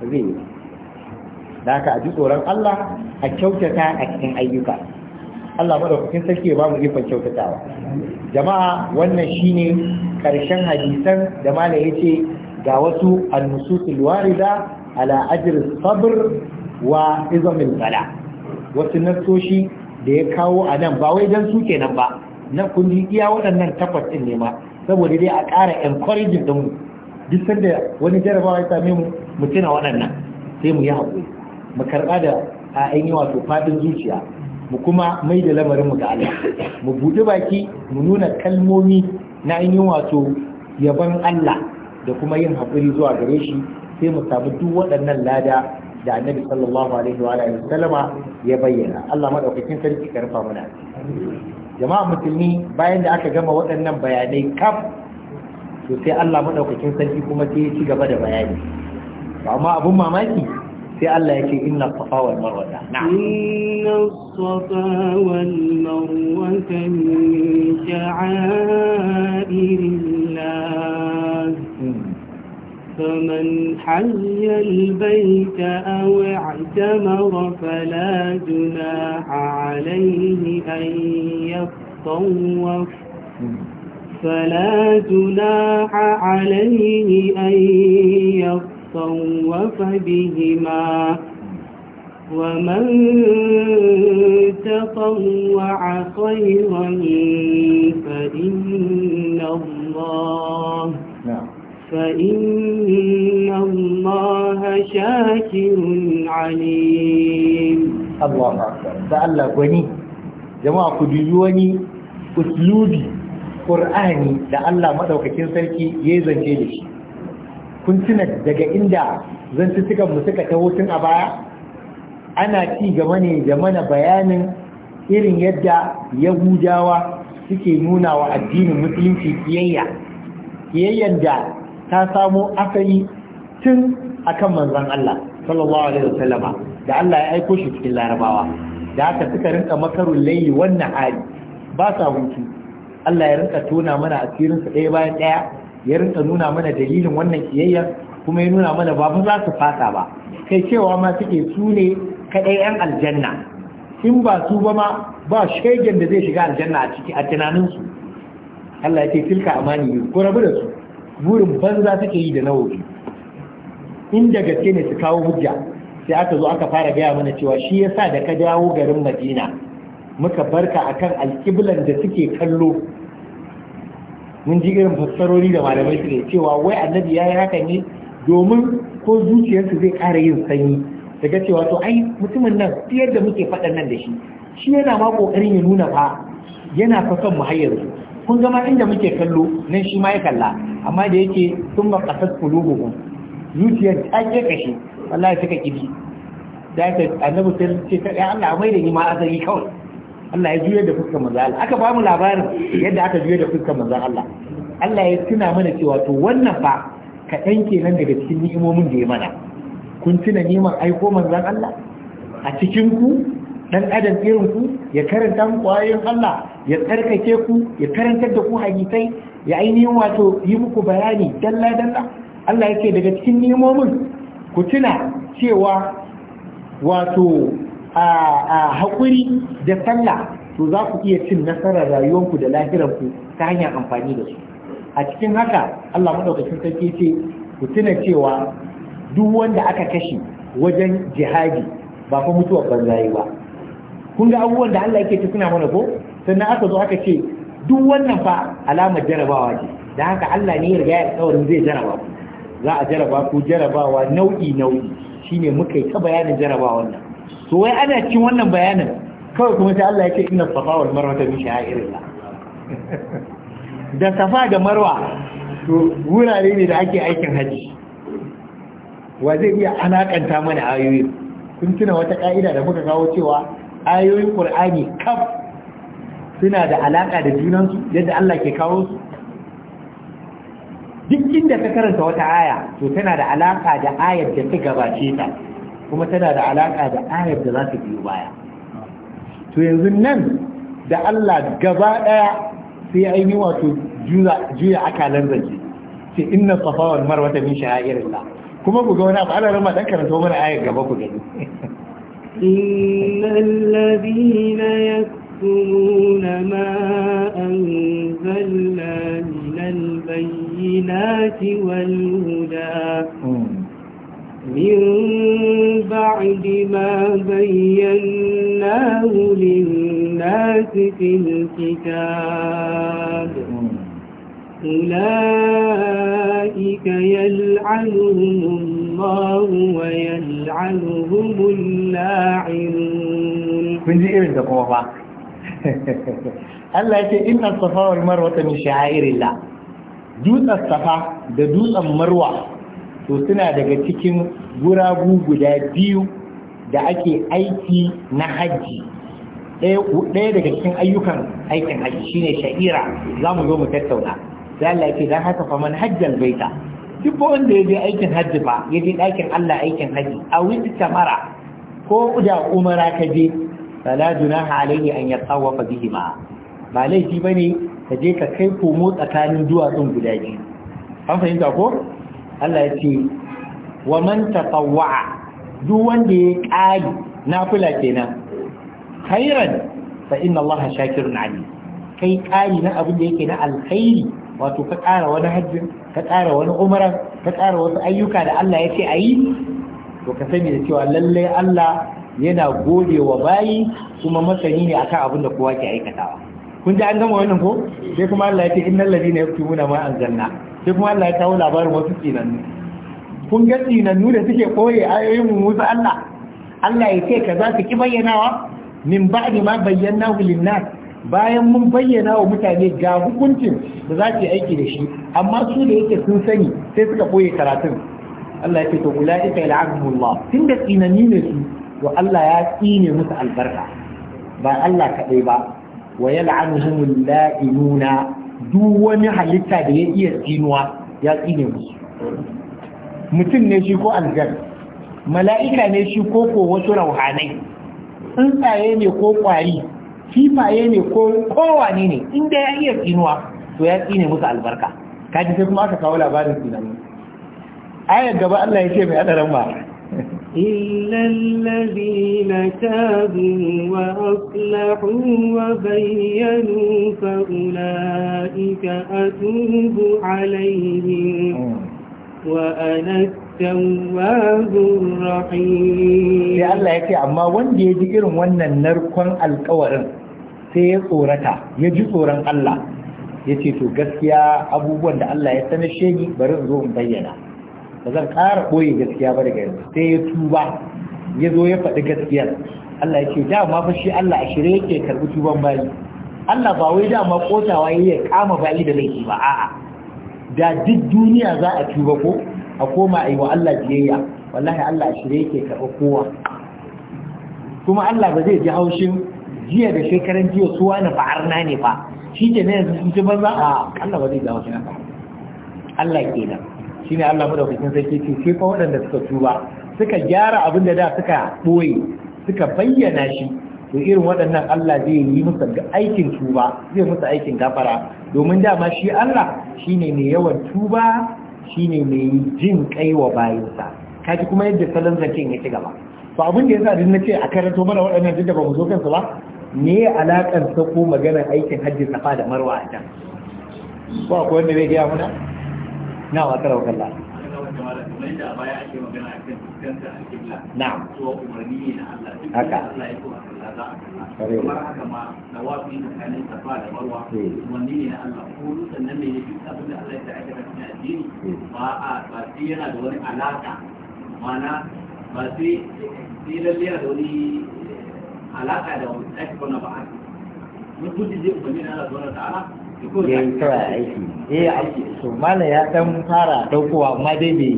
zai yi da haka a ji tsoron Allah a kyautata a cikin ayyuka Allah madaukakin sarki ya mu ikon kyautatawa jama'a wannan shine karshen hadisan da mala yace ga wasu annususul warida ala ajr sabr wa izamil bala wasu nassoshi da ya kawo a nan ba wai dan suke nan ba Na kun ji iya waɗannan tafas din ne ma saboda dai a ƙara encouraging din mu duk sanda wani jarabawa ya same mu mu tuna waɗannan sai mu yi haƙuri mu karɓa da ainihin wato faɗin zuciya mu kuma mai da lamarin mu ga Allah mu buɗe baki mu nuna kalmomi na ainihin wato yabon Allah da kuma yin haƙuri zuwa gare shi sai mu samu duk waɗannan lada da annabi sallallahu alaihi wa alihi sallama ya bayyana Allah madaukakin sarki karfa mana jama'a musulmi bayan da aka gama waɗannan bayanai kaf to sai Allah madaukakin sarki kuma sai ya ci gaba da bayani amma abun mamaki في الله يكي إن الصفا والمروة نعم إن الصفا والمروة من شعائر الله فمن حي البيت أو اعتمر فلا جناح عليه أن يطوف فلا جناح عليه أن يطوف فطوف بهما ومن تطوع خيرا فإن الله فإن الله شاكر عليم الله أكبر تعالى قني جماعة قديوني أسلوبي قرآني لألا مدوكتين سلكي يزن جيلشي kun tuna daga inda zantuttukan mu suka taho tun a baya ana ci gaba ne da mana bayanin irin yadda yahudawa suke nuna wa addinin musulunci kiyayya kiyayyan da ta samo asali tun akan manzon Allah sallallahu alaihi wasallama da Allah ya aiko shi cikin larabawa da haka suka rinka makarun layi wannan hali ba sa hutu Allah ya rinka tona mana sa ɗaya bayan ɗaya ya rinka nuna mana dalilin wannan kiyayya kuma ya nuna mana ba za su fasa ba kai cewa ma suke su ne kaɗai 'yan aljanna in ba su ba ma ba shegen da zai shiga aljanna a ciki a tunaninsu Allah ya ce tilka amani ne ko rabu da su burin banza suke yi da nawoji in da gaske ne su kawo hujja sai aka zo aka fara gaya mana cewa shi yasa da ka dawo garin madina muka barka akan alƙiblan da suke kallo mun ji irin fassarori da malamai suke cewa wai annabi ya yi haka ne domin ko zuciyarsu zai ƙara yin sanyi daga cewa to ai mutumin nan fiyar da muke faɗan nan da shi shi yana ma ƙoƙarin ya nuna fa yana fa son mu hayyar kun gama inda muke kallo nan shi ma ya kalla amma da yake sun ba ƙasar kulubuhun zuciyar ta ke kashe wallahi suka kibi da ta annabi sai ce ta ɗaya Allah mai da ni ma azari kawai Allah ya juya da fuskar manzo Allah aka ba mu labarin yadda aka juya da fuskar manzo Allah Allah ya tuna mana cewa to wannan fa dan kenan daga cikin ni'imomin da ya mana kun tuna neman aiko manzan Allah a cikin ku dan adam irin ku ya karanta kwayoyin Allah ya tsarkake ku ya karantar da ku hadisai ya ainihin wato yi muku bayani dalla dalla Allah yake daga cikin ni'imomin ku tuna cewa wato a haƙuri da sallah to za ku iya cin nasarar rayuwanku da lahiranku ta hanyar amfani da su a cikin haka Allah maɗaukacin sarki ce ku tuna cewa duk wanda aka kashe wajen jihadi ba fa mutuwar banzaye ba kun ga abubuwan da Allah yake ta mana ko sannan aka zo aka ce duk wannan fa alamar jarabawa ce da haka Allah ne ya riga ya zai jaraba ku za a jaraba ku jarabawa nau'i nau'i shine muka yi ta bayanin jarabawa nan to wai ana cikin wannan bayanin kawai kuma sai Allah ya ce inna safa wal marwa ta bisha sha'irillah da safa da marwa to wurare ne da ake aikin haji wa zai iya anakanta mana ayoyin kun tuna wata ka'ida da muka kawo cewa ayoyin qur'ani kaf suna da alaka da su yadda Allah ke kawo su duk inda ka karanta wata aya to tana da alaka da ayar da ta gabace ta kuma tana da alaƙa da ayar da za ta biyo baya to yanzu nan da Allah gaba ɗaya sai ainihin wato juya akalan zance ce inna safa wal marwa ta min sha'irillah kuma ku ga wani abu Allah rama dan karanta mana ayar gaba ku gani innal ladina يكتمون ما أنزلنا من البينات والهدى من بعد ما بيناه للناس في الكتاب أولئك يلعنهم الله ويلعنهم اللاعنون من ذي إبن الله الله يتي إن الصفا والمروة من شعائر الله دون الصفا دون المروة to suna daga cikin guragu guda biyu da ake aiki na hajji ɗaya daga cikin ayyukan aikin hajji shine sha'ira za mu zo mu tattauna sai Allah yake dan haka fa hajjal baita duk wanda ya je aikin hajji ba ya je ɗakin Allah aikin hajji a wani tamara ko da umara ka je fala junaha alayhi an yatawafa bihima ba laifi bane ka je ka kai komo tsakanin duwatsun guda biyu an fahimta ko Allah ya ce wa man tatawwa'a duk wanda ya ƙari nafila kenan khairan fa inna Allah na alim kai ƙari na abin da yake na alkhairi wato ka ƙara wani hajji ka ƙara wani umara ka ƙara wasu ayyuka da Allah ya ce a yi to ka sani da cewa lallai Allah yana gode wa bayi kuma masani ne akan abin da kowa ke aikatawa kun ji an gama wannan ko sai kuma Allah ya ce innal ladina yaktubuna ma anzalna sai kuma Allah ya kawo labarin wasu tsinannu kun ga tsinannu da suke koye ayoyin mu musu Allah Allah ya ce kaza su ki bayyanawa min ba'di ma bayyana, lin-nas bayan mun bayyana wa mutane ga hukuncin da za su yi aiki da shi amma su da yake sun sani sai suka koye karatun Allah ya ce to ulaika yal'anuhumullah tunda tsinanni ne su to Allah ya tsine musu albarka ba Allah kaɗai ba wa yal'anuhum la'inuna du wani halitta da ya iya tsinuwa ya tsine musu mutum ne shi ko aljan mala'ika ne shi ko ko wasu rauhanai tsuntsaye ne ko kwari kifaye ne ko kowane ne inda ya iya tsinuwa to ya tsine musu albarka kaji sai kuma aka kawo labarin tsinanu ayar gaba Allah ya ce mai adaran ba إلا الذين تابوا وأصلحوا وبينوا فأولئك أتوب عليهم وأنا التواب الرحيم sai Allah ya ce amma wanda ya ji irin wannan narkon alkawarin sai ya tsorata ya ji tsoron Allah ya ce to gaskiya abubuwan da Allah ya sanar shegi bari in zo in bayyana ba zan ƙara ɓoye gaskiya ba daga yanzu sai ya tuba ya zo ya faɗi gaskiyar Allah ya ce dama fa shi Allah a shirye yake karɓi tuban bayi Allah ba wai dama kotawa ya kama bayi da laifi ba a'a da duk duniya za a tuba ko a koma a yi wa Allah jiyayya wallahi Allah a shirye yake karɓi kowa kuma Allah ba zai ji haushin jiya da shekaran jiya su wani fa'arna ne ba. shi ke ne yanzu sun ci banza a Allah ba zai ji haushin haka Allah kenan Shi ne Allah madaukakin sarki ce sai fa waɗanda suka tuba suka gyara abin da da suka ɓoye suka bayyana shi to irin waɗannan Allah zai yi musu aikin tuba zai musu aikin gafara domin dama shi Allah shi ne mai yawan tuba shi ne mai jin kai wa bayansa kaji kuma yadda salon zancen ya ci gaba to abin da yasa din ce a karanto mana waɗannan duk da ba mu zo kansu ba me alakan sako maganar aikin hajji safa da marwa a can ko akwai wanda zai gaya muna na wa karawa kalla na'am haka ba sai lalle da wani alaka da ba na na ya yi kawai aiki eh aiki so mana ya dan fara daukowa amma dai bai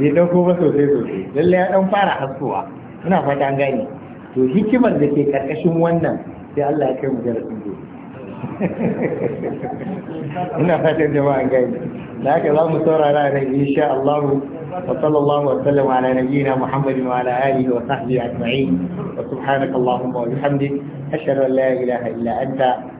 bai dauko ba sosai sosai lalle ya dan fara haskowa ina fata gani to hikimar da ke karkashin wannan sai Allah ya kai mu darasin gobe ina fatan jama'a gani da haka za mu saurara da insha Allah wa sallallahu wa sallam ala nabiyyina muhammadin wa ala alihi wa sahbihi ajma'in wa subhanaka allahumma wa bihamdik ashhadu an la ilaha illa anta